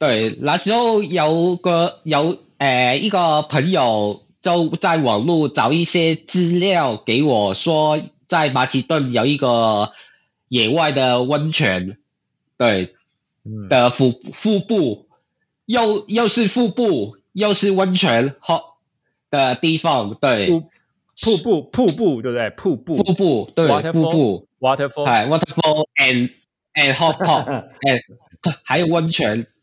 對，那時候有個有誒，一個朋友就在網絡找一些資料，給我說，在馬其頓有一個野外的溫泉，對，的瀑瀑布又又是瀑布又是溫泉好的地方，對，瀑布瀑布對不對？瀑布、waterfall, 瀑布對瀑布 waterfall waterfall and and hot pot and 還有溫泉。